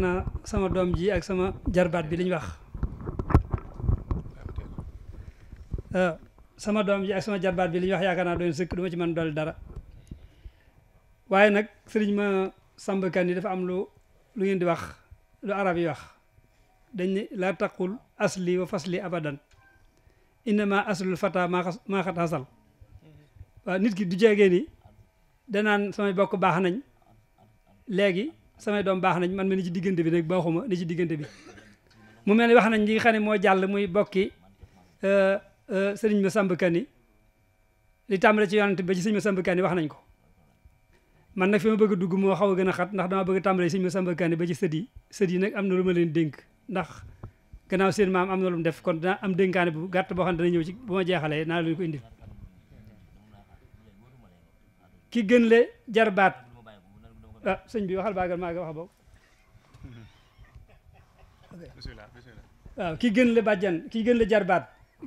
yaakaar naa sama doom ji ak sama jarbaat bi li ñu wax euh, sama doom ji ak sama jarbaat bi li wax yaakaar naa doo sëkk du ma ci mën dolli dara waaye nag sëriñ ma Samba Kan yi dafa am lu lu ngeen di wax lu arab yi wax dañ laa takkul asli wa fasli abadan innama aslul fata maa maa xat asal mm-hmm. nit ki du jegee ni danaan samay bokk baax nañ léegi samay doom baax nañ man ma ni ci diggante bi nag baaxuma ni ci diggante bi mu mel ni wax nañ di nga ne moo jàll muy bokki euh, euh, sëriñ ma Samb Kani li tàmbale ci yonante ba ci sëriñ ma Samb wax nañ ko man nag fi bëgg a moo xaw a gën a xat ndax dama bëgg a tàmbale sëriñ ma Samb ba ci sët yi sët yi nag am na lu ma leen dénk ndax gannaaw seen maam am na lu mu def kon dana am dénkaane bu gàtt boo xam ne dana ñëw ci bu ma jeexalee naa leen ko indi ki gën le jarbaat Ah, sëñ bi waxal baagal maa ngi wax bokk bismillah waaw ki gën le bàjjan ki gën le jarbaat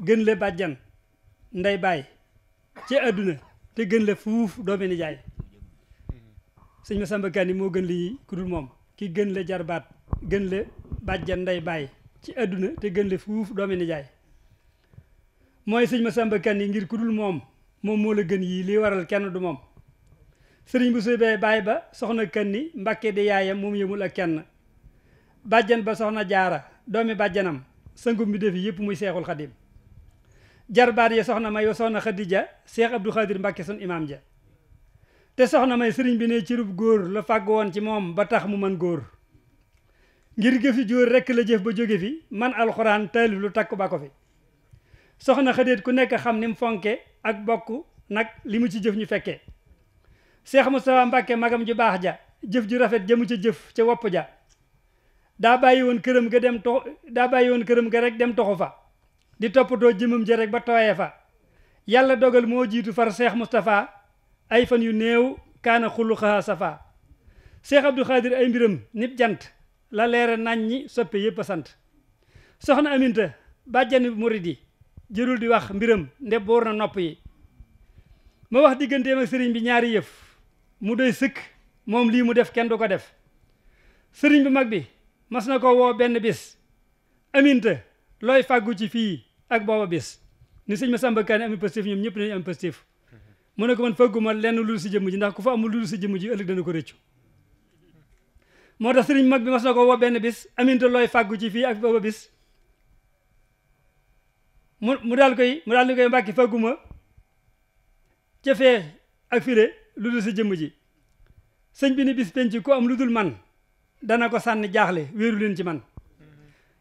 gën le bàjjan nday baay ci àdduna te gën le fuuf doomi nijaay sëñ Masamba Kanni moo gën li ku dul moom ki gën le jarbaat gën le bàjjan nday baay ci àdduna te gën le fuuf doomi nijaay mooy sëñ Masamba Kanni ngir ku dul moom moom moo la gën yii li waral kenn du moom sëriñ bu suybee baay ba soxna kën ni mbakke di yaayam moom yëmul ak kenn bàjjan ba soxna jaara doomi bàjjanam sëngum bi def yëpp muy seexul xadim jarbaan ya soxna may wa soxna xadija seex abdu xaadir mbakke sun te soxna may sëriñ bi ne cirub góor la fàgg woon ci moom ba tax mu mën góor ngir gëfi jóor rekk la jëf ba jóge fi man alxuraan taalif lu takku ba ko fi soxna xadéet ku nekk xam ni mu fonke ak bokk nag li mu ci jëf ñu fekkee Cheikh Moustapha Mbacke magam ju baax ja jëf ju rafet jëmu ca jëf ca wopp ja daa bàyyi woon këram ga dem tox daa bàyyi woon këram ga dem toxu fa di toppatoo jëmam ja rek ba tooyee fa yàlla dogal moo jiitu far Cheikh Moustapha ay fan yu néew kaana xuluqaha safa Cheikh Abdou Khadir ay mbiram nit jant la leere nañ ñi soppe yépp a sant soxna Aminta bàjjani murid yi jërul di wax mbiram nde boor na nopp yi ma wax digganteem ak sëriñ bi ñaari yëf mu doy sëkk moom lii mu def kenn du ko def sëriñ bi mag bi mas na ko woo benn bis aminte looy fàggu ci fii ak booba bis ni sëñ ma sàmba kaane ami positif ñoom ñëpp nañu am positif mu ne ko man fàgguma lenn lu si jëmm ji ndax ku fa amul lu si jëmm ji ëllëg dana ko rëccu moo tax sëriñ mag bi mas na ko woo benn bis aminte looy fàggu ci fii ak booba bis mu mu daal koy mu daal ni koy mbàkki fàgguma ca fee ak file lu dul jëmm ji sëñ bi ne bis penc ku am lu dul man dana ko sànni jaaxle wéeru leen ci man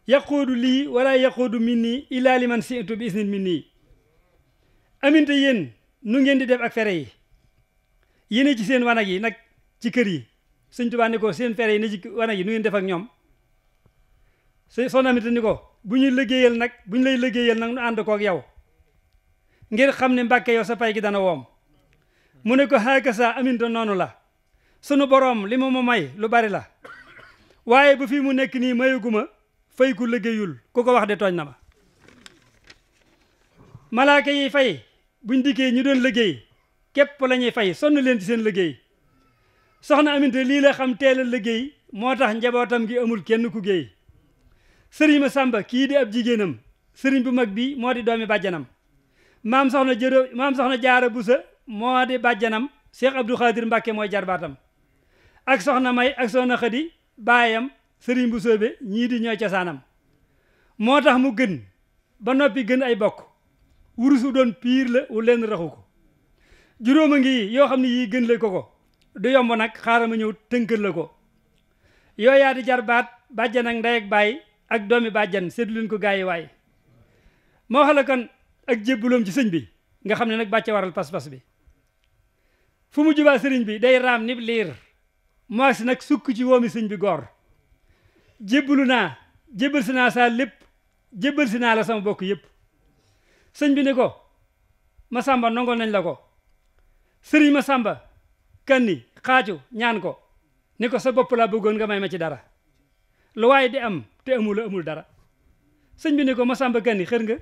yaqoodu lii wala yaqoodu min nii ilaa li man situ bi isnin min nii aminte yéen nu ngeen di def ak fere yi yéene ci seen wanag yi nag ci kër yi sëñ Tuubaa ni ko seen fere yi ne ci wanag yi nu ngeen def ak ñoom soxna aminte ni ko bu ñuy liggéeyal nag bu ñu lay liggéeyal nag nu ànd koog yow ngir xam ne mbàkke yow sa pay gi dana woom mu ne ko xaakasa aminta noonu la sunu borom li ma may lu bari la waaye ba fii mu nekk nii mayuguma fay ku liggéeyul ku ko wax de tooñ na ma malaaka yi fay buñ dikkee ñu doon liggéey képp la ñuy fay sonn leen ci seen liggéey soxna aminte lii la xam teel a liggéey moo tax njabootam gi amul kenn ku géey sëriñ ma sàmba kii di ab jigéenam sëriñ bu mag bii moo di doomi bàjjanam maam soxna jëró maam soxna jaara busa moo di bàjjanam Cheikh Abdou Khadir Mbacke mooy jarbaatam ak soxna May ak soxna Xadi baayam sëriñ bu ñii di ñooy cosaanam moo tax mu gën ba noppi gën ay bokk wurusu doon piir la wu leen raxu ko juróom a ngi yoo xam ne yii gën la ko ko du yomb nag xaaral ma ñëw tënkal la ko yooyaa di jarbaat bàjjan ak ndey ak ak doomi bàjjan seetu leen ko gaayi waay moo xala kon ak jébbaloom ci sëñ bi nga xam ne nag bàcce waral pas-pas bi fu mu jubaa sëriñ bi dey raam nib liir mu agsi nag sukk ci woomi sëñ bi goor jébbalu naa jébbal si naa saa lépp jébbal si naa la sama bokk yépp sëñ bi ne ko ma sàmba nongol nañ la ko sëriñ ma sàmba kanni xaacu ñaan ko ni ko sa bopp laa bëggoon nga may ma ci dara lu waaye di am te amul amul dara sëñ bi ne ko ma sàmba kanni xër nga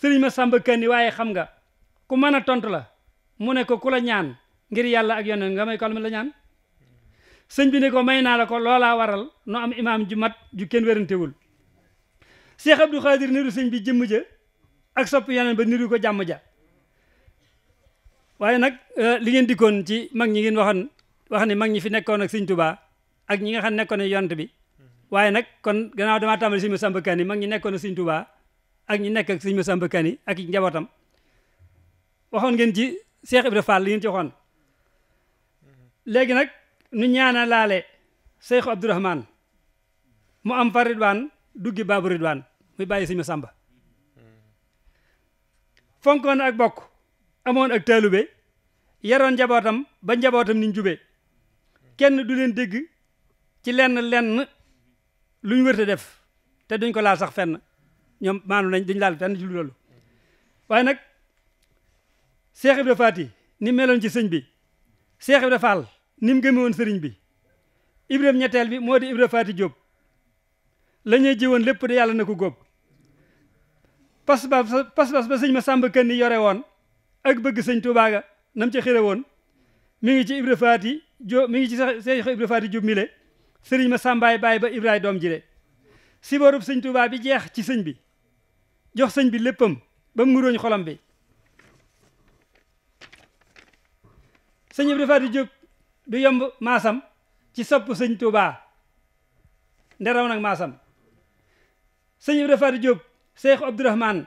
sëriñ ma sàmba kanni waaye xam nga ku mën a tontu la mu ne ko ku ñaan ngir yàlla ak yonent nga may ko la ñaan sëñ bi ne ko may naa la ko loolaa waral nu am imaam ju mat ju kenn werantewul Cheikh Abdou Khadir niru sëñ bi jëmm ja ak sopp yeneen ba niru ko jàmm ja waaye nag euh, li ngeen dikkoon ci mag ñi ngeen waxoon wax ne mag ñi fi nekkoon ak sëñ Tuubaa ak ñi nga xam nekkoon ak yonent bi waaye nag kon gannaaw damaa tàmbali sëñ Masamba Kanni mag ñi nekkoon ak ak ñi nekk ak sëñ Masamba Kanni ak njabootam waxoon ngeen ci Cheikh Ibra Fall li ñu ci waxoon léegi nag nu ñaana laale Cheikh Abdourahman mu am fa ridwaan duggi baabu ridwaan muy bàyyi suñu samba fonkoon ak bokk amoon ak taalube yaroon njabootam ba njabootam niñ jube kenn du leen dégg ci lenn lenn luñ wërte def te duñ ko laal sax fenn ñoom maanu nañ duñ laal fenn ci waaye nag Cheikh Ibra Faty ni meloon ci sëñ bi Cheikh Ibra Fall ni mu gëme woon sëriñ bi Ibrahima ñetteel bi moo di Ibra Faty Diop la ñuy ji woon lépp de yàlla na ko góob pas ba ba sëñ ma sàmba kën yore woon ak bëgg sëñ Tuubaa nga nam ci xire woon mi ngi ci Ibra Faty Diop mi ngi ci Cheikh Ibra Faty Diop mi le sëriñ ma sàmbaay baay ba Ibrahima doom ji le si borub sëñ Tuubaa bi jeex ci sëñ bi jox sëñ bi léppam ba mu nguróoñ xolam bi sëñ Abdou Fatty Diop du yomb maasam ci sopp sëñ Touba nderaw nag maasam sëñ Abdou Fatty Diop Cheikh Abdourahmane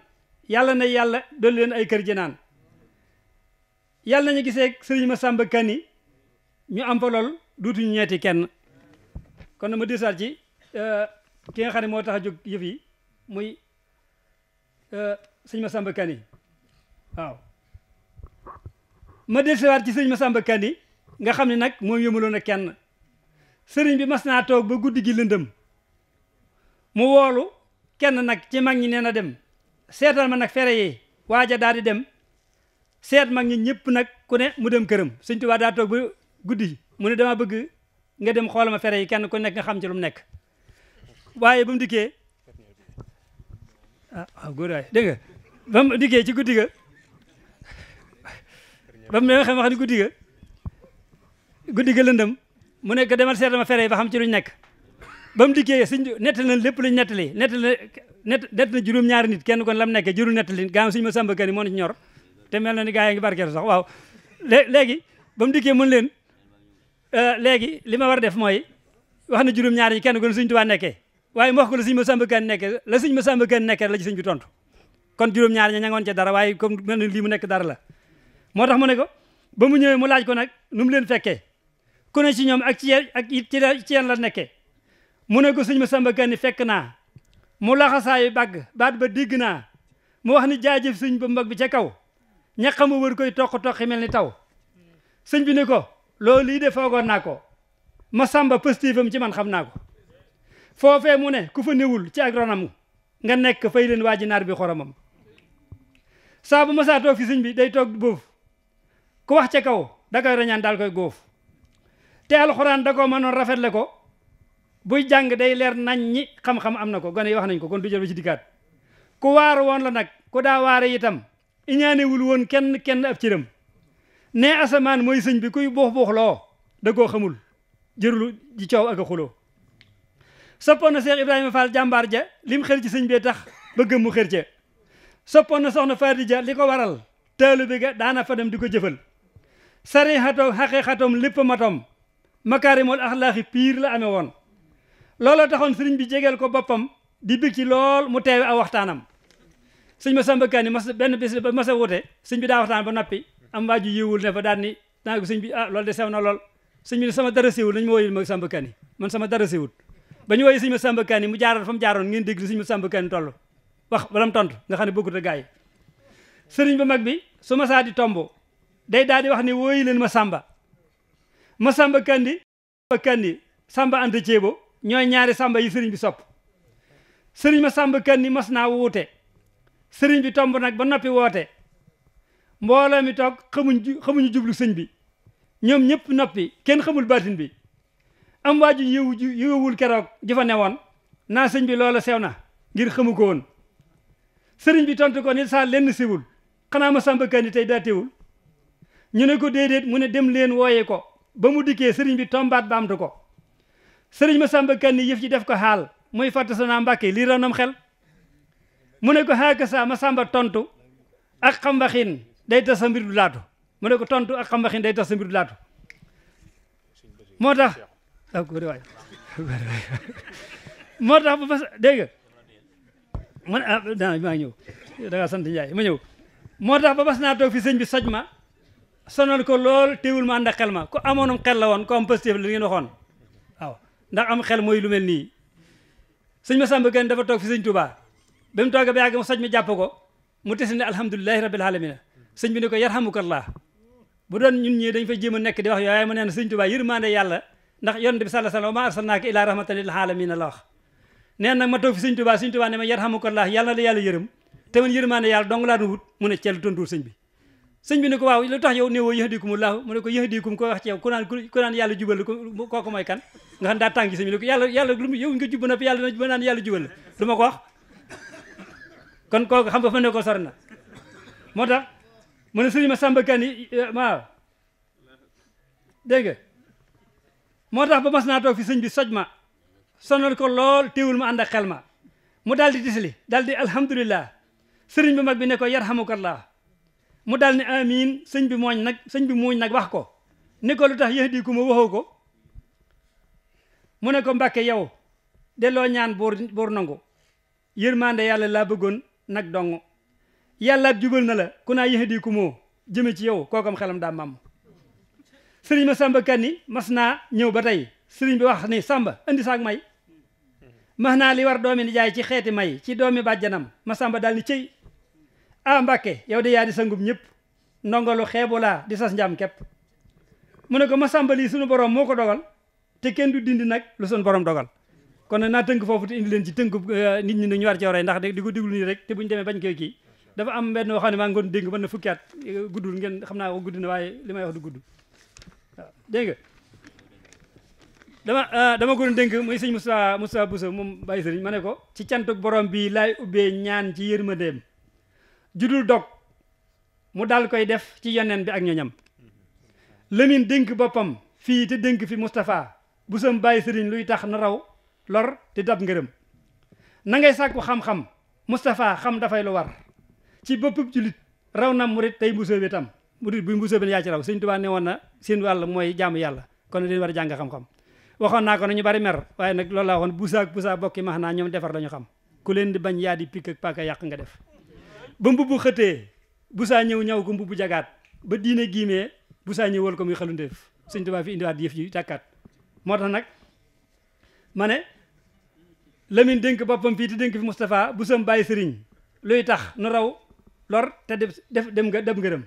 yàlla na yàlla doon leen ay kër jinaan yàlla nañu gisee sëriñ Massamba Kanni ñu am fa lool ñeeti kenn kon na ma disaat ci euh, ki nga xam ne moo tax a jóg yëf yi muy euh, sëñ Massamba Kanni waaw ma dellusiwaat ci sëñ Masamba Kanni nga xam ne nag moom yëmuloon nag kenn sëriñ bi mas naa toog ba guddi gi lëndëm mu woolu kenn nag ci mag ñi nee na dem seetal ma nag fere yi waaja daal di dem seet mag ñi ñëpp nag ku ne mu dem këram sëñ Tuubaa daa toog ba guddi mu ne dama bëgg nga dem xoolama fere yi kenn ku nekk nga xam ci lu mu nekk waaye ba mu dikkee ah waaw góor waay ba mu dikkee ci guddi ga ba mu xam wax ni guddi ga guddi ga mu nekk demal seet ma fere ba xam ci luñ nekk ba mu suñ nettali na lépp luñ nettali nettali na nett na juróom-ñaari nit kenn kon lam nekkee jurul nettali gaa suñu ma sàmba kan yi moo ci ñor mel na ni gaa yi ngi barkeelu sax waaw léegi ba mu dikkee mun leen euh, léegi li ma war def mooy wax na juróom-ñaari kenn kon suñ tubaa nekkee waaye mu wax ko la suñ ma sàmba kan nekkee la suñ ma sàmba kan nekkee la ci bi tontu kon juróom-ñaari ña ña ngoon ca dara waaye comme mel na lii mu nekk dara la moo tax mu ne ko ba mu ñëwee mu laaj ko nag nu mu leen fekkee ku ne ci ñoom ak ci ak ci yeen la nekkee mu ne ko sëñ ma samba kan ni fekk naa mu laxasaayu bàgg baat ba digg naa mu wax ni jaajëf sëñ ba mbag bi ca kaw ñaqama wër koy toq toqi mel ni taw sëñ bi ni ko loolu lii de foogoon naa ko ma samba positifam ci man xam naa ko foofee mu ne ku fa néwul ci ak ronam nga nekk fay leen waa ji naar bi xoromam saa bu ma saa toog fi sëñ bi day toog boofu ku wax ca kaw da koy daal koy góof te alxuraan da koo mënoon rafetle ko buy jàng day leer nañ ñi xam-xam am na ko gone yi wax nañ ko kon du jël ba ci dikkaat ku waaru woon la nag ku daa waare itam iñaanewul woon kenn kenn ab ciram ne asamaan mooy sëñ bi kuy buux buux loo da koo xamul jërul ji coow ak a xuloo soppoon na Cheikh Ibrahima Fall jàmbaar ja lim xel ci sëñ bee tax bëgg mu xër ca soppoon na soxna Faati ja li ko waral taalu bi ga daana di ko jëfal sari xato xaqiqatom lépp matom makaarimul axlaaxi piir la amee woon looloo taxoon sëriñ bi jegeel ko boppam di bég ci lool mu teewe aw waxtaanam sëñ ma Samba Kaani mas benn bis ba mas a wute sëñ bi waxtaan ba noppi am waa ji yiwul ne fa daan ni bi ah loolu de sew na lool sëñ bi ne sama dara siwul nañ ma woyul ma man sama dara siwul ba ñu woyee sëñ ma Samba Kaani mu jaaroon fa mu jaaroon ngeen dégg li sëñ ma Samba Kaani toll wax balam tontu nga xam ne bokkut gaay sëriñ ba mag bi su ma saa di tombo day daal di wax ne wooyu leen ma sàmba ma sàmba kandi ma kandi sàmba anta ceebo ñooy ñaari sàmba yi sëriñ bi sopp sëriñ ma sàmba kandi mas naa wuute sëriñ bi tomb nag ba noppi woote mbooloo mi toog xamuñu jublu sëñ bi ñoom ñëpp noppi kenn xamul baatin bi am waa ju yëwu yëwul keroog ju fa newoon naa sëñ bi loola sew na ngir xamu ko woon sëriñ bi tontu ko ni saa lenn siwul xanaa ma sàmba kandi tey daa teewul ñu ne ko déedéet mu ne dem leen wooye ko ba mu dikkee sëriñ bi tombaat baamtu ko sëriñ Masamba Kanni yëf ji def ko xaal muy fàtte sa naa Mbàkke lii raw nam xel mu ne ko xaaka saa Masamba tontu ak xambaxin day tax sa mbir du laatu mu ne ko tontu ak xambaxin day tax sa mbir du laatu moo tax moo tax bu fas dégg nga man ah maa ma ñëw moo tax ba bas naa toog fi sëñ bi soj ma sonal ko lool teewul ma ànd ak xel ma ku amoonum xel la woon ku am positif la li ngeen waxoon ndax am xel mooy lu mel nii sëñ Massamba Gueye dafa toog fi sëñ Touba ba mu toogee ba yàgg mu soj jàpp ko mu tesi ne alhamdulilahi rabil alamina sëñ bi ne ko yarhamukallah bu doon ñun ñii dañ fay jéem a nekk di wax yooye mu nee na sëñ Touba yërmande yàlla ndax yonent bi sallallahu alayhi wa sallam wa ma arsalnaaka ila rahmatan lil alamina la wax neen nag ma toog fi sëñ Touba sëñ Touba ne ma yarhamukallah yàlla na la yàlla yërëm te man yërmande yàlla dong laa doon wut ne ceelu tontuur sëñ bi sëñ bi ne ko waaw lu tax yow néewoo yahdikum laahu mu ne ko yahdikum ko wax ci yow ku naan ku naan yàlla jubal la kooku mooy kan nga xam daa tàng ci sëñ bi ne ko yàlla yàlla lu yow nga jubba na fi yàlla ba ma ko kon kooku xam nga fa ne ko sor na moo tax mu ne sëñ ma Samba Kani eh, eh, waaw dégg nga moo tax ba mas naa toog fi sëñ bi soj ma sonal ko lool téewul ma ànd ak xel ma mu daal di tisli daal di sëriñ bi mag bi ne ko yarhamukallah mu dal ne amiin sëñ bi mooñ nag sëñ bi mooñ nag wax ko ni ko lu tax yéex di ku ma waxoo ko mu ne ko mbàkke yow delloo ñaan buur buur nangu yërmande yàlla laa bëggoon nag dong yàlla jubal na la ku naa yéex di ku moo jëme ci yow kookam xelam daa mam sëriñ ma sàmba kanni mas naa ñëw ba tey sëriñ bi wax ni sàmba indi saak may max naa li war doomi jaay ci xeeti may ci doomi bàjjanam ma sàmba daal ni cëy ah Mbàkke yow de yaa di sangub ñëpp ndongalu xeebu laa di sas njaam képp mu ne ko ma sàmbali suñu borom moo ko dogal te kenn du dindi nag lu suñu borom dogal kon nag naa tënk foofu te indi leen ci tënk eh, nit ñi ñu war ci waree ndax di ko diglu nii rek te buñ demee bañ koy kii dafa am benn waxam ne maa ngi doon dégg mën na fukki at eh, guddul ngeen xam naa ko gudd na waaye li may wax du gudd waaw dégg dama ah, dama ko doon dénk muy sëñ Moussa Moussa Bousso moom ma ne ko ci cantuk borom bi laay ubbee ñaan ci yërmandeem judul dog mu daal koy def ci yeneen bi ak ñoñam Lamine dénk boppam fii te dénk fi Moustapha bu sam bàyyi sëriñ luy tax na raw lor te dab ngërëm na ngay sàkku xam-xam Moustapha xam dafay lu war ci boppub julit raw na murit tey mbusoo bi tam murit bu mbusoo bi yaa ci raw sëñ Tuubaa ne woon na seen wàll mooy jàmm yàlla kon dañu war a jàng xam-xam waxoon naa ko na ñu bari mer waaye nag loolu laa waxoon busaak busaa bokki max naa ñoom defar la xam ku leen di bañ di pikk ak yàq nga def ba mbubu xëtee bu saa ñëw ñaw ko mbubu jagaat ba diine giimee bu saa ñëw wal ko muy xalundeef sëñ Tuubaa fi indiwaat yëf yi tàkkaat moo tax nag ma ne Lamine dénk boppam fii te dénk fi Moustapha bu sam bàyyi sëriñ luy tax nu raw lor te def dem nga dem ngërëm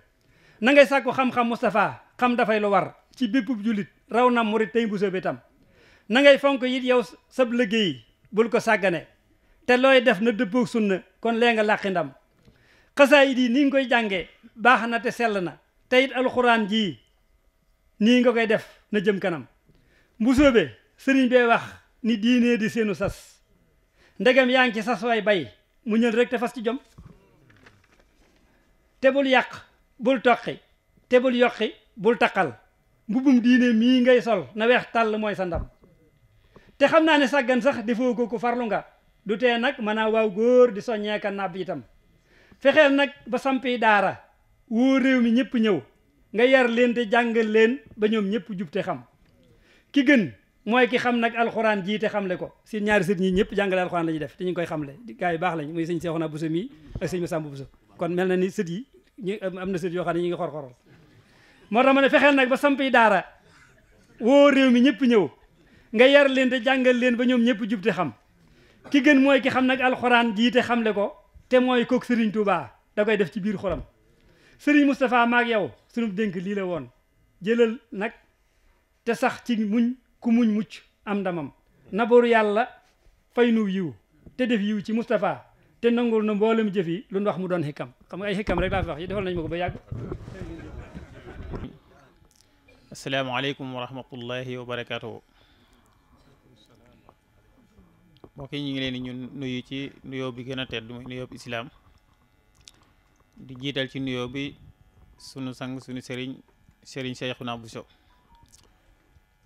na ngay sàkku xam-xam Moustapha xam dafay lu war ci bépp jullit raw na murit tey bu soobee tam na ngay fonk it yow sab liggéey bul ko sàggane te looy def na dëppoog sunna kon lee nga làqi ndam xasaayid yi nii nga koy jàngee baax na te sell na te it alxuraan jii nii nga koy def na jëm kanam bu soobee sëriñ bee wax ni diinee di seenu sas ndegam yaa ngi ci sas waay bay mu ñël rek te fas ci jom te bul yàq bul toqi te bul yoqi bul taqal mbubum diine mii ngay sol na weex tàll mooy sa ndam te xam naa ne sàggan sax defoo ko ko farlu nga du tee nag mën a waaw góor di soññeeka naab itam fexeel nag ba sampi daara woo réew mi ñëpp ñëw nga yar leen te jàngal leen ba ñoom ñëpp jub te xam ki gën mooy ki xam nag alxuraan jii te xamle ko seen ñaari sët ñi ñëpp jàngale alxuraan la ñuy def te ñu koy xamle gars yi baax lañ muy sëñ Seexuna Buso mi ak sëñ Masamba Buso kon mel na ni sët yi am na sët yoo xam ne ñu ngi xor-xorol moo tax ma ne fexeel nag ba sampi daara woo réew mi ñëpp ñëw nga yar leen te jàngal leen ba ñoom ñëpp jub xam ki gën mooy ki xam nag alxuraan jii te xamle ko te mooy kook Serigne Touba da koy def ci biir xolam Serigne Moustapha maag yow sunu dénk lii la woon jëlal nag te sax ci muñ ku muñ mucc am ndamam na naboru yàlla fay nu yiw te def yiw ci mustafaa te nangul na mboolem jëf yi lu ndox mu doon xikam xam ay xikam rek laa fi wax yi defal nañ ma ko ba yàgg. asalaamaaleykum wa rahmatullahi wa barakaatu. mbokk yi ñu ngi leen di ñun nuyu ci nuyoo bi gën a tedd muy nuyoo bi islaam di jiital ci nuyoo bi sunu sang sunu sëriñ sëriñ bu Bousso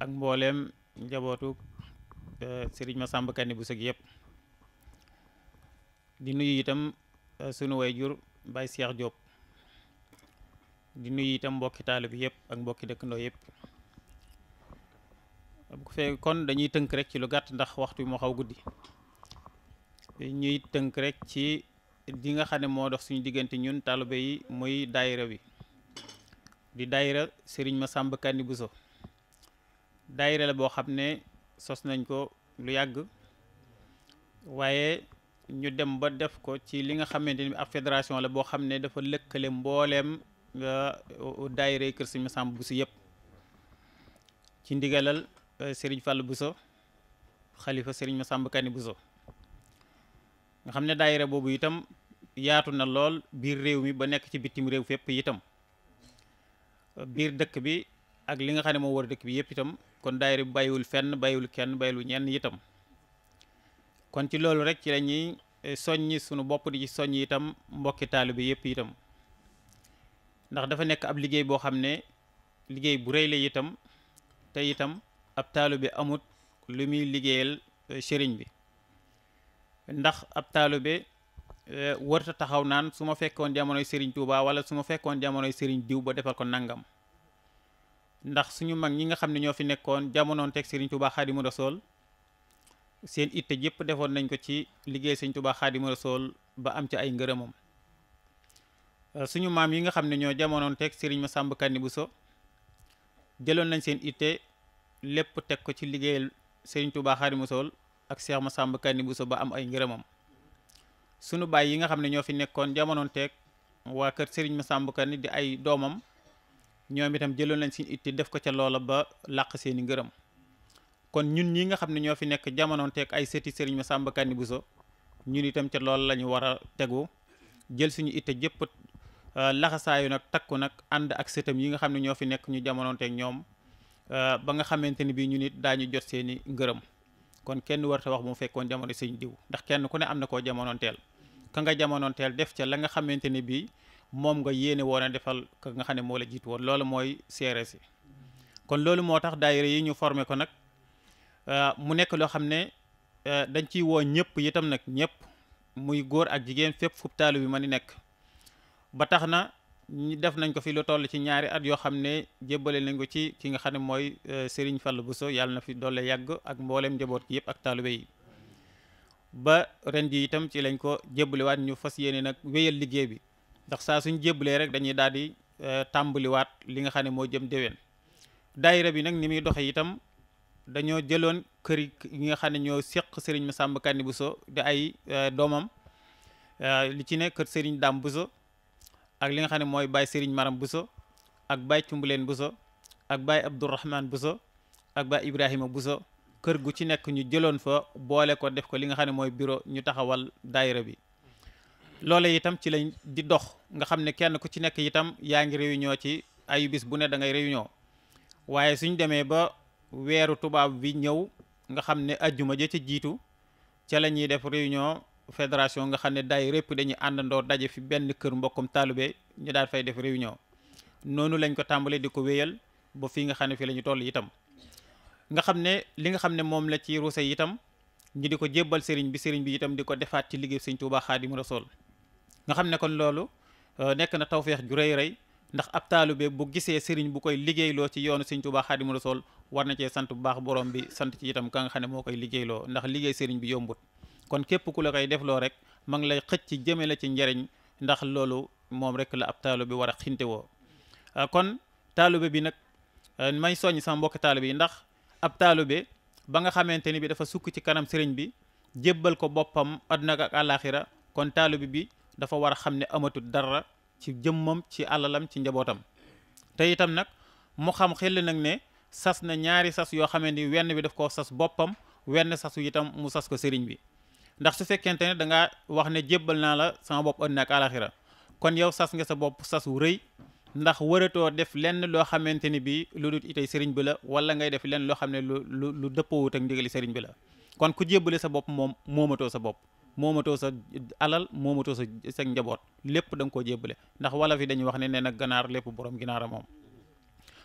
ak mbooleem njabootu eh, sëriñ Massamba Kanni Bousso gi yëpp di nuyu itam eh, sunu wayjur Baye Cheikh Diop di nuyu itam mbokki taalibe bi yëpp ak mbokki dëkkandoo yëpp bu ko fee kon dañuy tënk rek ci lu gàtt ndax waxtu moo xaw guddi ñuy tënk rek ci di nga xam ne moo dox suñu diggante ñun taalibe yi muy daayira wi di daayira Sëriñ Masamba Kanni Bousso daayira la boo xam ne sos nañ ko lu yàgg waaye ñu dem ba def ko ci li nga xamante ni ab fédération la boo xam ne dafa lëkkale mbooleem euh, daayira Kër Sëriñ Masamba Bousso yëpp ci ndigalal sëriñ euh, Serigne bu Bousso xalifa sëriñ ma Massamba Kani Bousso nga xam ne daayira boobu itam yaatu na lool biir réew mi ba nekk ci bitim réew fépp itam euh, biir dëkk bi ak li nga xam ne moo war dëkk bi yëpp itam kon daayira fenn bàyyiwul kenn bàyyiwul ñenn itam kon ci loolu rek ci lañuy euh, soññ sunu bopp di ci soññ itam mbokki taalibe yépp itam ndax dafa nekk ab liggéey boo xam ne liggéey bu rëy la te itam ab taalibe amut lu muy liggéeyal eh, sëriñ bi ndax ab taalibe eh, wërta taxaw naan su ma fekkoon jamonoy sëriñ Touba wala su ma fekkoon jamonoy sëriñ diw ba defal ko nangam ndax suñu mag ñi nga xam ne ñoo fi nekkoon jamonoon teg sëriñ Touba Xaadimu Rasuul seen itte yëpp defoon nañ ko ci liggéey sëriñ Touba Xaadimu Rasuul ba am ci ay ngërëmam eh, suñu maam yi nga xam ne ñoo jamonoon teg sëriñ Masamba Kanni Bousso jëloon nañ seen itte lépp teg ko ci liggéeyal Serigne Touba Xaadimu Rasuul ak Cheikh Massamba Kanni Bousso ba am ay ngërëmam sunu baay yi nga xam ne ñoo fi nekkoon jamonoon teeg waa kër Serigne Massamba Kanni di ay doomam ñoom itam jëloon nañ suñu itti def ko ca loola ba làq seeni ngërëm kon ñun ñi nga xam ne ñoo fi nekk jamonoon teeg ay sëti Serigne Massamba Kanni Bousso ñun itam ca loola lañu ñu war a tegu jël suñu itte jëpp euh, laxasaayu nag takku nag ànd ak sëtam yi nga xam ne ñoo fi nekk ñu jamonoon ñoom Euh, ba nga xamante ni bii ñu nit daañu jot seeni ngërëm kon kenn warta wax bu mu fekkoon jamono seen diw ndax kenn ku ne am na koo jamonoonteel ka nga jamonoonteel def ca la nga xamante ni bii moom nga yéene woon a defal ka nga xam ne moo la jiitu woon loolu mooy seere si kon loolu moo tax daayira yi ñu formé ko nag euh, mu nekk loo xam ne euh, dañ ciy woo ñëpp itam nag ñëpp muy góor ak jigéen fépp fub taalu bi ma ni nekk ba tax na def nañ ko fi lu toll ci ñaari at yoo xam ne jébbale nañ ko ci ki nga xam ne mooy euh, Serigne bu so yàlla na fi doole yàgg ak mbooleem njaboot gi yëpp ak taalibe ba ren ji itam ci lañ ko jébbaliwaat ñu fas yéene nag liggéey bi ndax saa suñ jébbalee rek dañuy daal di euh, tàmbaliwaat li nga xam ne moo jëm déwén. daayira bi nag ni muy doxe itam dañoo jëloon kër yi nga xam ne ñoo seq Serigne Massamba bu so di ay euh, doomam li ci ne kër Serigne Dame Bousso ak li nga xam ne mooy baay Serigne Maram Bousso ak baay Cumbuleen Bousso ak baay Abdourahman Bousso ak baay Ibrahima Bousso kër gu ci nekk ñu jëloon fa boole ko def ko li nga xam ne mooy bureau ñu taxawal daayira bi loole itam ci lañ di dox nga xam ne kenn ku ci nekk itam yaa ngi réunion ci ayu bis bu ne da ngay réunion waaye suñ demee ba weeru tubaab bi ñëw nga xam ne ajjuma ja ca jiitu ca lañuy ñuy def réunion fédération nga xam ne day répp dañuy àndandoo daje fi benn kër mbokkum taalube ñu daal fay def réunion noonu lañ ko tàmbalee di ko wéyal ba fii nga xam ne fii la ñu toll itam nga xam ne li nga xam ne moom la ci ruuse itam ñu di ko jébbal sëriñ bi sëriñ bi itam di ko defaat ci liggéey sëriñ Tuubaa Xaadimu sol nga xam ne kon loolu euh, nekk na tawféex ju rey rey ndax ab taalube bu gisee sëriñ bu koy liggéeyloo ci yoonu sëriñ Tuubaa Xaadimu sol war na cee sant bu baax borom bi sant ci itam ka nga xam ne moo koy liggéeyloo ndax liggéey sëriñ bi yombut kon képp ku la koy defloo rek ma ngi lay xëcc jëme la ci njariñ ndax loolu moom rek la ab taalibe war a xinte euh, kon taalibe bi nag euh, may soññ sama mbokk taalibe yi ndax ab taalibe ba nga xamante ni bi dafa sukk ci kanam sëriñ bi jébbal ko boppam àdduna ak kon taalibe bi dafa war a xam ne amatul dara ci jëmmam ci àllalam ci njabootam te itam nag mu xam xel nag ne sas na ñaari sas yoo xamante ni wenn bi daf koo sas boppam wenn sasu itam mu sas ko sëriñ bi ndax su fekkente ne da ngaa wax ne jébbal naa la sama bopp àddina ak alaxira kon yow sas nga sa bopp sas wu rëy ndax waratoo def lenn loo xamante ni bii lu dul itay bi la wala ngay def lenn loo xam ne lu lu lu dëppoowut ak ndigali sëriñ bi la kon ku jébbale sa bopp moom moomatoo sa bopp moomatoo sa alal moomatoo sa sa njaboot lépp da nga koo jébbale ndax wala fi dañuy wax ne nee na ganaar lépp borom ginaara moom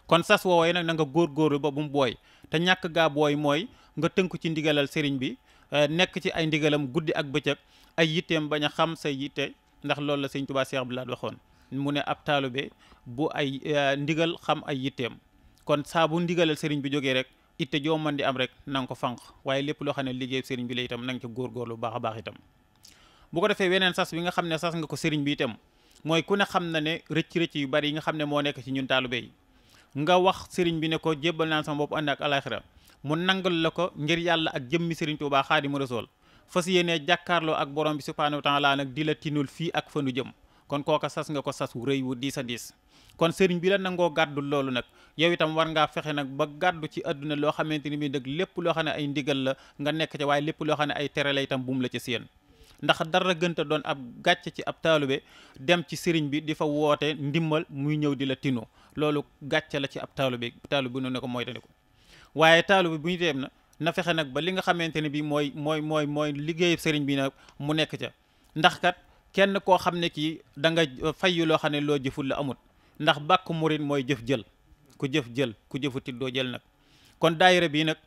kon sas woowee nag na nga góor ba bu mu booy te ñàkk gaa booy mooy nga tënku ci ndigalal sëriñ bi Euh, nekk ci ay ndigalam guddi ak bëccëg ay yitteem bañ a xam say yitte ndax loolu la sëñ Tuubaa Seex bu Lahat waxoon mu ne ab taalibe bu ay euh, ndigal xam ay yitteem kon saa bu ndigalal sëriñ bi jógee rek itte joo mën di am rek na nga ko fànq waaye lépp loo xam ne liggéey sëriñ bi la itam na nga ci góorgóorlu baax a baax itam bu ko defee weneen sas bi nga xam ne sas nga ko sëriñ bi itam mooy ku ne xam na ne rëcc-rëcc yu bari yi nga xam ne moo nekk ci ñun taalibe yi nga wax sëriñ bi ne ko jébbal naan sama bopp ànd ak alaxira mu nangal la ko ngir yàlla ak jëmmi Sëriñ Tuubaa Xaadimu Rasuul fas yéenee jàkkaarloo ak borom bi subhaanahu wa laa nag di la tinul fii ak fanu jëm kon kooka sas nga ko sas wu rëy wu diis a diis kon sëriñ bi la nangoo gàddu loolu nag yow itam war ngaa fexe nag ba gàddu ci àdduna loo xamante ni mii nag lépp loo xam ne ay ndigal la nga nekk ci waaye lépp loo xam ne ay tere la tam buum la ci seen ndax dara gënta doon ab gàcce ci ab taalube dem ci sëriñ bi di fa woote ndimmal muy ñëw di la tinu loolu gàcce ci ab taalube taalube bi nu ne ko mooy ko waaye taalu bi bu ñu teem na na fexe nag ba li nga xamante ne bii mooy mooy mooy mooy liggéeyu sëriñ bi nag mu nekk ca ndax kat kenn koo xam ne kii da nga uh, fayyu loo xam ne loo jëful la amut ndax bàkk murit mooy jëf jël ku jëf jël ku jëfutit doo jël nag kon dayre bii nag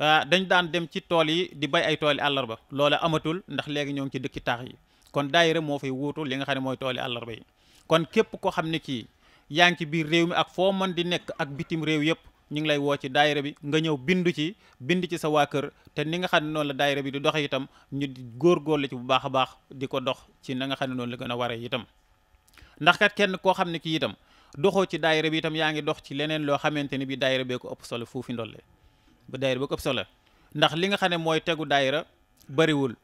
uh, dañ daan dem ci tool yi di bay ay tooli àllarba loola amatul ndax léegi ñoo ngi ci dëkki taax yi kon daayira moo fay wuutu li nga xam ne mooy tooli àllarba yi kon képp koo xam ne kii yaa ngi ci biir réew mi ak foo mën di nekk ak bitim réew yëpp ñu ngi lay woo ci daayira bi nga ñëw bindu ci bind ci sa waa kër te ni nga xam ne noonu la daayira bi di doxe itam ñu góorgóorlu ci bu baax a baax di ko dox ci na nga xam ne noonu la gën a waree itam ndax kenn koo xam ne kii itam doxoo ci daayira bi itam yaa ngi dox ci leneen loo xamante ni bi daayira bee ko ëpp solo fuufi ndolle ba daayira bee ko solo ndax li nga xam ne mooy tegu daayira bariwul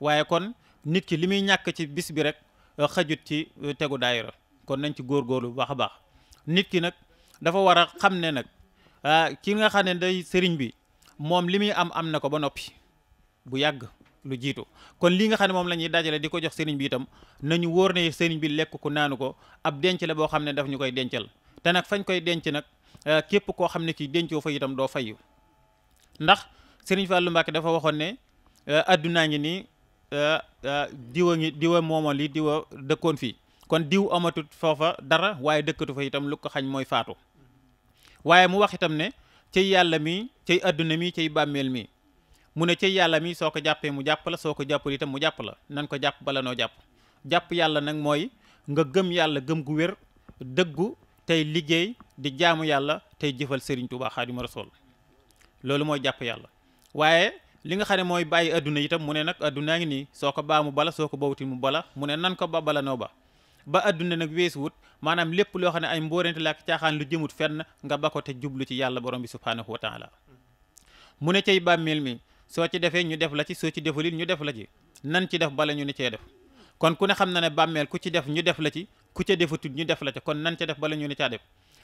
waaye kon nit ki li muy ñàkk ci bis rek euh, xajut ci euh, tegu daayira kon nañ ci góorgóorlu bu baax a baax nit ki nag dafa war a xam ne nag Euh, ki nga xam ne day sëriñ bi moom li muy am am na ko ba noppi bu yàgg lu jiitu kon li nga xam ne moom la ñuy dajale di ko jox sëriñ bi itam nañu wóor ne sëriñ bi lekk ko naanu ko ab denc la boo xam ne dafa ñu koy dencal te nag fañ koy denc nag euh, képp koo xam ne kii dencoo fa itam doo fayu ndax sëriñ Fallou Mbacke dafa waxoon ne euh, addunaa ngi nii diwa ngi diwa moomoon li diwa dëkkoon fii kon diw amatut foofa dara waaye dëkkatu fa itam lu ko xañ mooy faatu waaye mu wax itam ne cay yàlla mi cay àdduna mi cey bàmmeel mi mu ne cay yàlla mi soo ko jàppee mu jàpp la soo ko jàppul itam mu jàpp la nan ko jàpp bala noo jàpp jàpp yàlla nag mooy nga gëm yàlla gëm gu wér dëggu tey liggéey di jaamu yàlla tey jëfal sëriñ Serigne Touba Xaadimu Rasuul loolu mooy jàpp yàlla waaye li nga xam ne mooy bàyyi adduna itam mu ne nag addunaa ngi nii soo ko baa mu bala soo ko bawuti mu bala mu ne nan ko ba bala noo ba ba adduna nag weesuwut maanaam lépp loo xam ne ay mbóorante la ak caaxaan lu jëmut fenn nga ba ko te jublu ci yàlla borom bi subhaanahu wa taala mu ne cay bàmmeel mi soo ci defee ñu def la ci soo ci defulit ñu def la ci nan ci def bala ñu ne cee def kon ku ne xam na ne bàmmeel ku ci def ñu def la ci ku ca defatut ñu def la ca kon nan ca def bala ñu ne caa def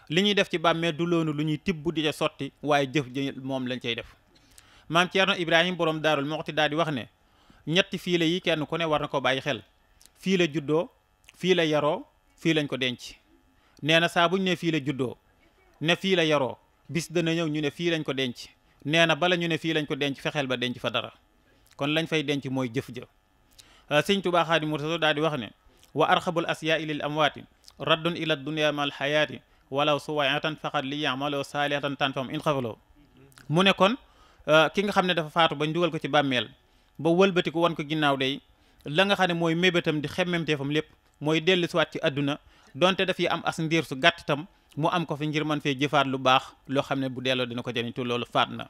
li ñuy def ci bàmmeel du loonu lu ñuy tibb di ca sotti waaye jëf ji moom lañ cay def maam Ceerno Ibrahima borom daarul Muxti daal di wax ne ñetti fii la yi kenn ku ne war na ko bàyyi xel fii la juddoo fii la yaroo fii lañ ko denc nee na saa buñ ne fii la juddoo ne fii la yaroo bis dana ñëw ñu ne fii lañ ko denc nee na bala ñu ne fii lañ ko denc fexeel ba denc fa dara kon lañ fay denc mooy jëf ja euh, sëñ Tuubaa Xaadimu Rasuul daal di wax ne wa arxabul asyaai lil amwaati raddun ila dunia mal xayaati walaw suwaatan faqat li yamaloo saalihatan tan fam in xafaloo mu ne kon euh, ki nga xam ne dafa faatu bañ dugal ko ci bàmmeel ba wëlbatiku wan ko ginnaaw day la nga xam ne mooy mébétam di xemmemteefam lépp mooy dellu siwaat ci àdduna donte daf am as ndiir su gàtt tam mu am ko fi ngir mën fee jëfaat lu baax loo xam ne bu delloo dina ko jëriñ te loolu faat na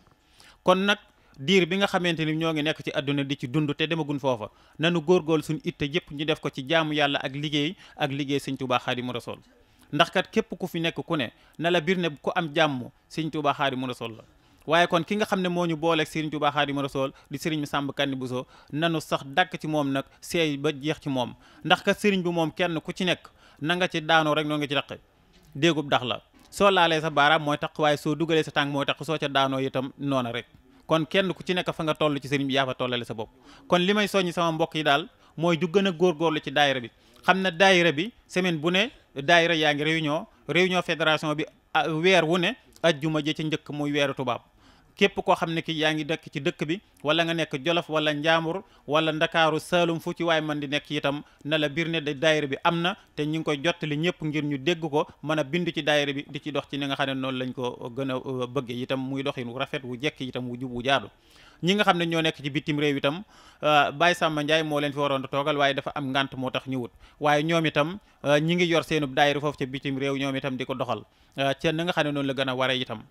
kon nag diir bi nga xamante ni ñoo ngi nekk ci adduna di ci dund te demagun foofa nanu góorgóorlu suñu itte yëpp ñu def ko ci jaamu yàlla ak liggéey ak liggéey sëñ Tuubaa Xaadimu Rasuul ndax kat képp ku fi nekk ku ne na la biir ne ku am jàmm sëñ Tuubaa Xaadimu Rasuul la waaye kon ki nga xam ne moo ñu booleeg Serigne Touba Xaadimu Rasuul di Serigne Massamba Kanni Bousso nanu sax dàkk ci moom nag seey ba jeex ci moom ndax ka Serigne bi moom kenn ku ci nekk na nga ci daanoo rek noo nga ci daq déegub dax la soo laalee sa baaraam mooy tax waaye soo dugalee sa tànk mooy tax soo ca daanoo itam noona rek kon kenn ku ci nekk fa nga toll ci Serigne bi yaa fa tollale sa bopp kon li may soññi sama mbokk yi daal mooy ju gën a góorgóorlu ci daayira bi xam na daayira bi semaine bu ne daayira yaa ngi réunion réunion fédération bi ah, weer wu ne ajjuma ji ca njëkk muy weeru tubaab képp koo xam ne ki yaa ngi dëkk ci dëkk bi wala nga nekk jolof wala njaamur wala ndakaaru saalum fu ci waay man di nekk itam na la biir ne de daayira bi am na te ñu ngi koy jottali ñëpp ngir ñu dégg ko mën a bind ci daayira bi di ci dox ci ni nga xam ne noonu lañ ko gën a euh, bëggee itam muy doxin wu rafet wu jekk itam wu jub wu jaadu ñi nga xam ne ñoo nekk ci bitim réew itam euh, Baye Samba Ndiaye moo leen fi waroon a toogal waaye dafa am ngànt moo tax ñu wut waaye ñoom itam euh, ñi ngi yor seenub daayira foofu ca bitim réew ñoom itam di ko doxal euh, ca na nga xam ne noonu la gën a waree itam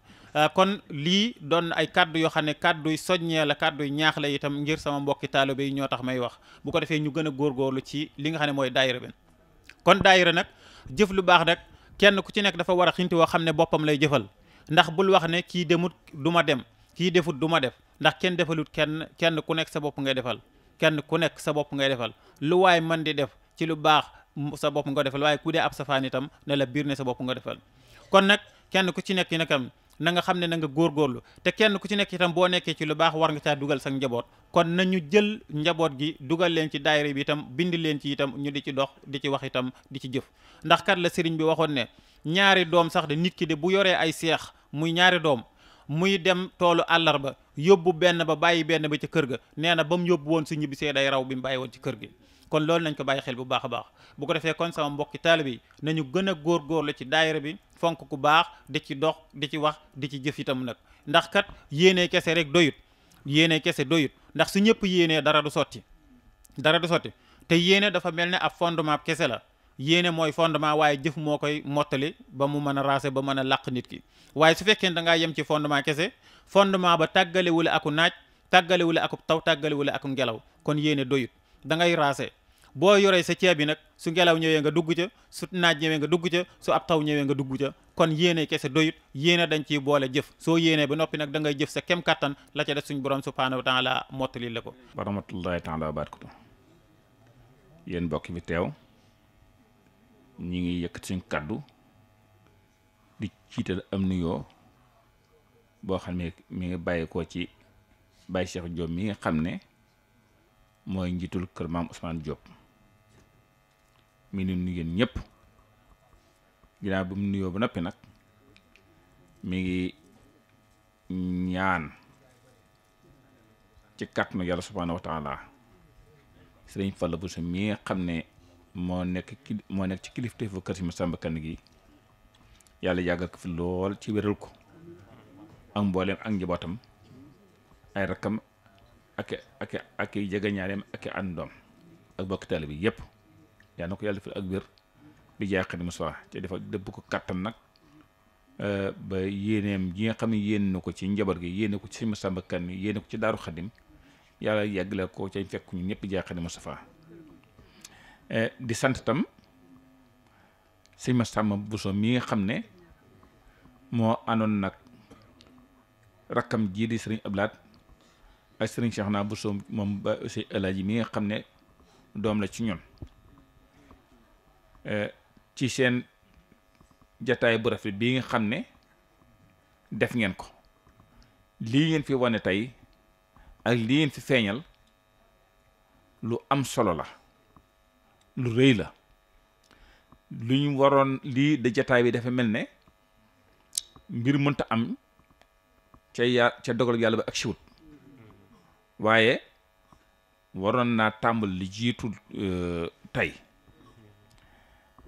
kon lii doon ay kaddu yoo xam ne kadduy soññee la kadduy ñaax la itam ngir sama mbokki taalibe ñoo tax may wax bu ko defee ñu gën a góorgóorlu ci li nga xam ne mooy daayira bi kon daayira nag jëf lu baax nag kenn ku ci nekk dafa war a xinti woo xam ne boppam lay jëfal ndax bul wax ne kii demut du ma dem kii defut du ma def ndax kenn defalut kenn kenn ku nekk sa bopp ngay defal kenn ku nekk sa bopp ngay defal lu waaye mën di def ci lu baax sa bopp nga defal waaye ku dee ab safaan itam ne la biir ne sa bopp nga defal kon nag kenn ku ci nekk nakam na nga xam ne na nga góor góorlu te kenn ku ci nekk itam boo nekkee ci lu baax war nga caa dugal sa njaboot kon na ñu jël njaboot gi dugal leen ci daayira bi itam bind leen ci itam ñu di ci dox di ci wax itam di ci jëf ndax la sëriñ bi waxoon ne ñaari doom sax de nit ki de bu yoree ay seex muy ñaari doom muy dem toolu àllarba yóbbu benn ba bàyyi benn ba ca kër ga nee na ba mu yóbbu woon su ñibbisee day raw bi mu bàyyi woon ci kër gi kon loolu nañ ko bàyyi xel bu baax a baax bu ko defee kon sama mbokki taalibe yi nañu gën a góorgóorlu ci daayira bi fonk ku baax di ci dox di ci wax di ci jëf itam nag ndax kat yéenee kese rek doyut yéene kese doyut ndax su ñëpp yéenee dara du sotti dara du sotti te yéene dafa mel ni ab fondement kese la yéene mooy fondement waaye jëf moo koy mottali ba mu mën a raase ba mën a làq nit ki waaye su fekkee da ngaa yem ci fondement kese fondement ba tàggalewula aku naaj tàggalewula aku taw tàggalewula aku ngelaw kon yéene doyut da ngay raase boo yoree sa ceeb bi nag su ngelaw ñëwee nga dugg ca su naaj ñëwee nga dugg ca su ab taw ñëwee nga dugg ca kon yéene kese doyut yéene dañ ciy boole jëf soo yéenee ba noppi nag da ngay jëf sa kem kattan la ca def suñ borom subhaanahu wa taala mottali la ko. wa rahmatullahi taala wa barakatu yéen mbokk mi ñi ngi yëkkat suñ kàddu di ciital am nuyoo boo xam ne mi ngi bàyyi ko ci Baye Cheikh Diop mi nga xam ne mooy njiitul kër maam Ousmane Diop mi ngi nuyu yéen ñëpp ginnaaw bu mu nuyoo ba noppi nag mi ngi ñaan ci kàttanu yàlla subhaanahu wa taala sëriñ Fallou Bousso mi nga xam ne moo nekk ki moo nekk ci kilifteefu kër si Massamba Kanni gi yàlla yàggal ko fi lool ci wéral ko ak mbooleem ak njabootam ay rakkam ak ak ak i jegeñaaleem ak i àndoom ak bokki taalibe bi yëpp yaa na ko yàlla defal ak wér di jaay Xaadimu Rasuul te dafa dëbb ko kàttan nag euh, ba yéeneem ji nga xam ne yéen na ko ci njaboot gi yéene ko ci Massamba Kanni yéene ko ci Daaru Xadim yàlla yàggale ko ca fekk ñu ñëpp jaay Xaadimu Rasuul Eh, di sant tam ma Massamba Bousso mi nga xam ne moo àndoon nag rakkam jii di sëriñ Ablaat ak sëriñ Cheikh naa Bousso moom ba aussi Alaaji mi nga xam ne doom la ci ñun eh, ci seen jataay bu rafet bii nga xam ne def ngeen ko lii ngeen fi wane tey ak lii ngeen fi feeñal lu am solo la lu rëy la lu waroon lii de jataay bi dafa mel ne mbir mënta am ca ya ca dogal yàlla ba ak siwut waaye waroon naa tàmbal li jiitu euh, tey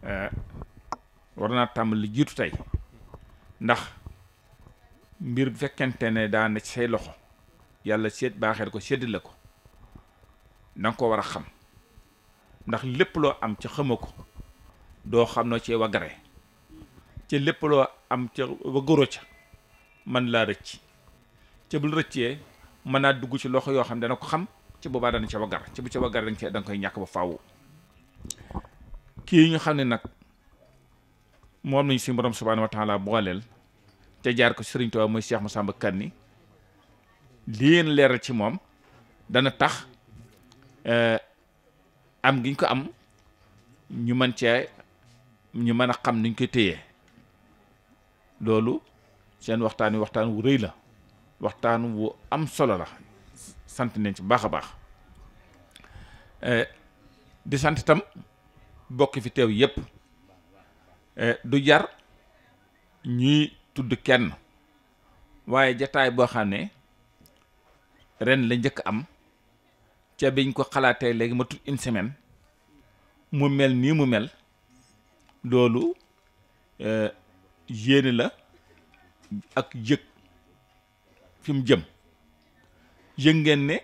euh, war naa tàmbal jiitu tey ndax mbir bu fekkente ne daa ci say loxo yàlla seet baaxel ko seddi la ko danga ko war a xam ndax lépp loo am ca xama ko doo xam noo cee wagare ca lépp loo am ca wagoro ca man laa rëcc ca bul rëccee mën naa dugg ci loxo yoo xam dana ko xam ci boobaa dana ca wagar bu ca wagar danga danga koy ñàkk ba faaw kii ñu xam ne nag moom nañ si borom subhaanahu wa taala booleel te jaar ko sëriñtoo Tuubaa mooy Cheikh Massamba Kanni lii leen leeral ci moom dana tax eh, am gi ñu ko am ñu mën cee ñu mën a xam niñ koy téyee loolu seen waxtaan wi waxtaan wu rëy la waxtaan wu am solo la sant nañ ci baax a baax eh, di sant itam bokki fi teew yépp eh, du jar ñuy tudd kenn waaye jataay boo xam ne ren la njëkk am ca biñ ko xalaatee léegi ma tut une semaine mu mel nii mu mel loolu euh, yéene la ak yëg fi mu jëm yëg ngeen ne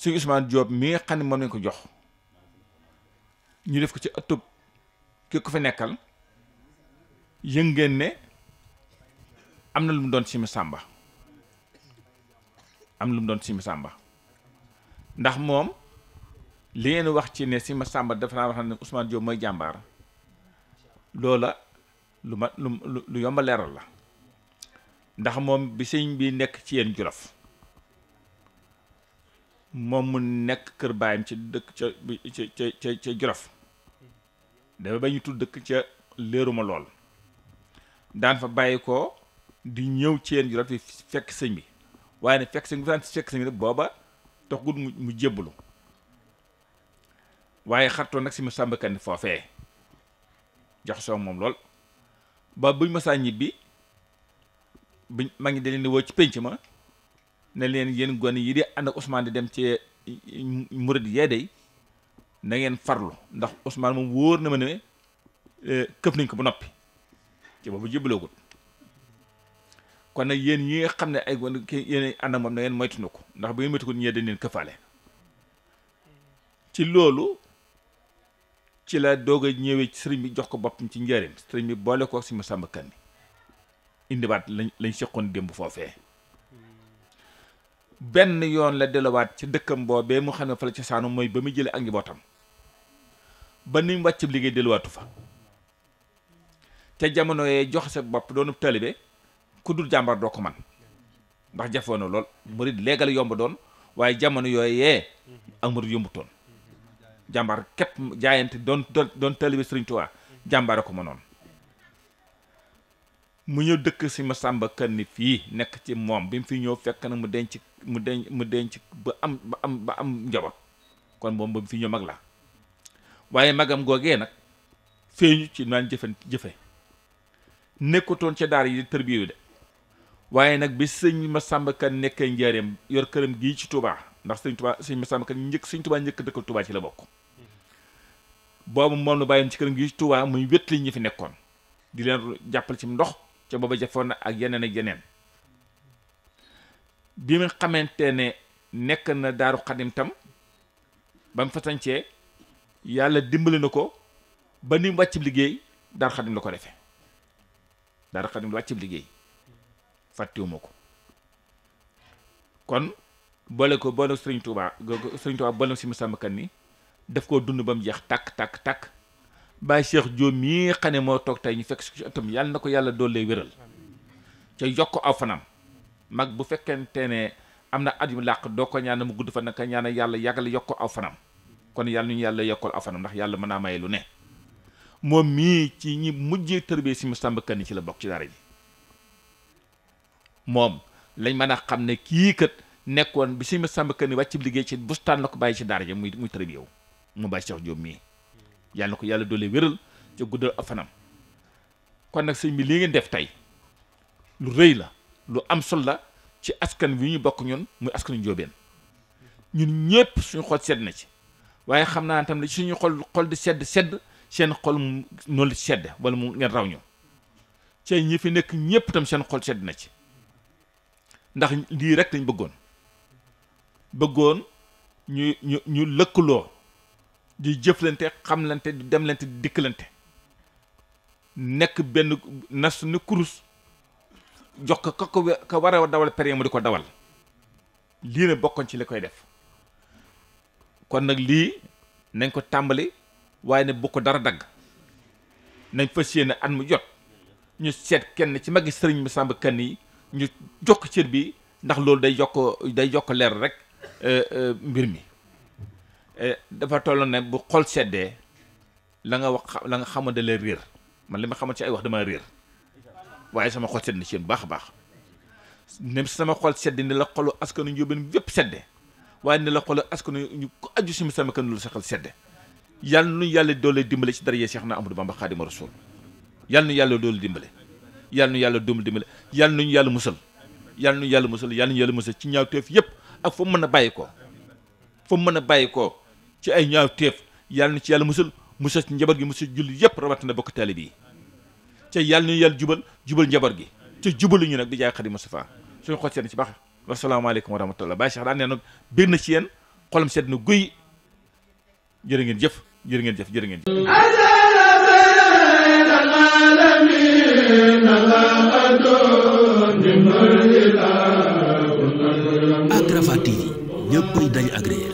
suñu Ousmane Diop mi nga xam ne moom lañ ko jox ñu def ko ci ëttub ki ko fi nekkal yëg ngeen ne am na lu mu doon simi sàmba am na lu mu doon simi sàmba ndax moom li ngeen wax ci ne si ma sàmba dafa naa wax ne Ousmane Diop mooy jàmbaar loola lu ma lu lu yomba leeral la ndax moom bi sëñ bi nekk ci yéen Jolof moom mu nekk kër baayam ci dëkk ca ca ca ca Jolof dafa ba ñu tudd dëkk ca léeruma lool daan fa bàyyi ko di ñëw ci yéen Jolof di fekk sëñ bi waaye ne fekk sëñ bi daan fekk sëñ bi nag booba taxul mu mu jébbalu waaye xartoon nag si mu sàmbkandi foofee jox soo moom lool ba buñ masaa ñibbi bi ma ngi daleen di woo ci pénc ma ne leen yéen gone yi di ànd ak Ousmane di dem ci murid yee day na ngeen farlu ndax Ousmane moom wóor na ma ne eh, këf nañ ko ba noppi ci boobu jébbaloogut kon nag yéen ñi nga xam ne ay gon ki yéen ànd ak moom na ngeen moytuñu ko ndax bu ngeen moytu ko ñee dañ leen këfaale ci loolu ci la doog a ñëwee sëriñ bi jox ko boppam ci njariñ sëriñ bi boole ko si Masamba Kanni indiwaat lañ lañ seqoon démb foofee benn yoon la delluwaat ci dëkkam boobee mu xam ne fa la cosaanu mooy ba mu jëlee ak njabootam ba nuñ mu wàcc liggéey delluwaatu fa ca jamono yee jox sa bopp doonu taalibe ku dul jàmbar doo ko man ndax jafoo na lool murid léegal yomb doon waaye jamono yooyee ak murid yombutoon jàmbar képp jaayante doon doon taalibe Sëriñ Tuubaa jàmbaare ko mënoon mu ñëw dëkk si Masamba Kan ni fii nekk ci moom bi mu fi ñëw fekk na mu denc mu denc mu denc ba am ba am njaboot kon moom ba mu fi ñëw mag la waaye magam googee nag feeñu ci naan jëfe jëfe nekkutoon ci daara yi tërbiyu de waaye nag bi sëñ Massamba Kane nekkee njaareem yor këram gii ci Touba ndax sëñ Touba sëñ Massamba Kane njëkk sëñ Touba njëkk dëkkal Touba ci la bokk boobu moom la bàyyi ci këram gi ci Touba muy wét li ñu fi nekkoon di leen jàppal ci mu ndox ca booba jafoon na ak yeneen ak yeneen bi mu xamante ne nekk na daaru xadim tam ba mu fa sancee yàlla dimbali na ko ba ni mu wàccib liggéey daaru xadim la ko defe daaru xadim la wàccib liggéey fàttewuma ko kon boole ko boole Serigne tubaa Serigne Touba boole si Moussa Mbakkane ni daf koo dund ba mu jeex tàkk tàkk tàkk Baye Cheikh Diop mii xam ne moo toog tey ñu fekk ci atam yàlla na ko yàlla doole wéral ca yokk aw fanam mag bu fekkente ne am na at yu làq doo ko ñaan mu gudd fa naka ñaan yàlla yàggale yokk aw fanam kon yàlla ñu yàlla yokkal aw fanam ndax yàlla mën naa maye lu ne moom mii ci ñi mujjee tërbee si mu Mbakkane ci la bokk ci daara ji moom lañ mën a xam ne kii kat nekkoon bi si ma sàmba kër ni wàcc liggéey ci bustaan la ko bàyyi ci daara ja muy muy tërëb yow mu bàyyi Cheikh Diop mii yàlla ko yàlla doole wéral ca guddal afanam kon nag sëñ bi lii ngeen def tey lu rëy la lu am sol la ci askan wi ñu bokk ñun muy askan njóobeen ñun ñëpp suñu xol sedd na ci waaye xam naa tam suñu xol xol di sedd sedd seen xol noonu la sedd wala mu ngeen raw ñu ci ñi fi nekk ñëpp tam seen xol sedd na ci ndax lii rek lañ bëggoon bëggoon ñu ñu ñu lëkkaloo di jëflante xamlante du demlante di dikkalante nekk benn nas ni kurus jox ko ka ko ka dawal pere ma di ko dawal lii ne bokkoon ci li koy def kon nag lii nañ ko tàmbali waaye ne bu ko dara dagg nañ fas yéene at mu jot ñu seet kenn ci magi sëriñ Masamba Kanni yi ñu jox ko cër bi ndax loolu day yokk day yokk leer rek euh, euh, mbir mi euh, dafa tolloon ne bu xol seddee la nga wax la nga da la réer man li ma xamante ci ay wax dama réer waaye sama xol sedd na ci yéen baax a baax nem sama xol sedd ni la xolu askanu njóobeen yépp seddee waaye ni la xolu askanu ñu ko aju si mu sama kan loolu sa xol sedde yàlla nu yàlla doole dimbale si dara yee Seex na Ahmadu Bamba Xaadimu Rasuul yàlla nu yàlla doole dimbale yàlla nu yàlla dóomal dimbale yàlla nuñu yàlla musal yàlla nuñu yàlla musal yàlla nuñu yàlla musal ci ñaaw teef yëpp ak fa mën a bàyyi koo mu mën a bàyyi koo ci ay ñaaw teef yàlla nu ci yàlla musal musal ci njaboot gi musal julli yëpp na bokk taalibe yi ca yàlla nuñu yàlla jubal jubal njaboot gi ca jubaluñu nag di jaay Xaadimu Mustafaa suñu xol seen ci baax wasalaamaaleykum wa rahmatullah Baye Cheikh daan nee na ci yéen xolam sedd na guy jërë ngeen jëf jërë ngeen jëf ngeen jëf Rafah TV ñëppay dañ agréé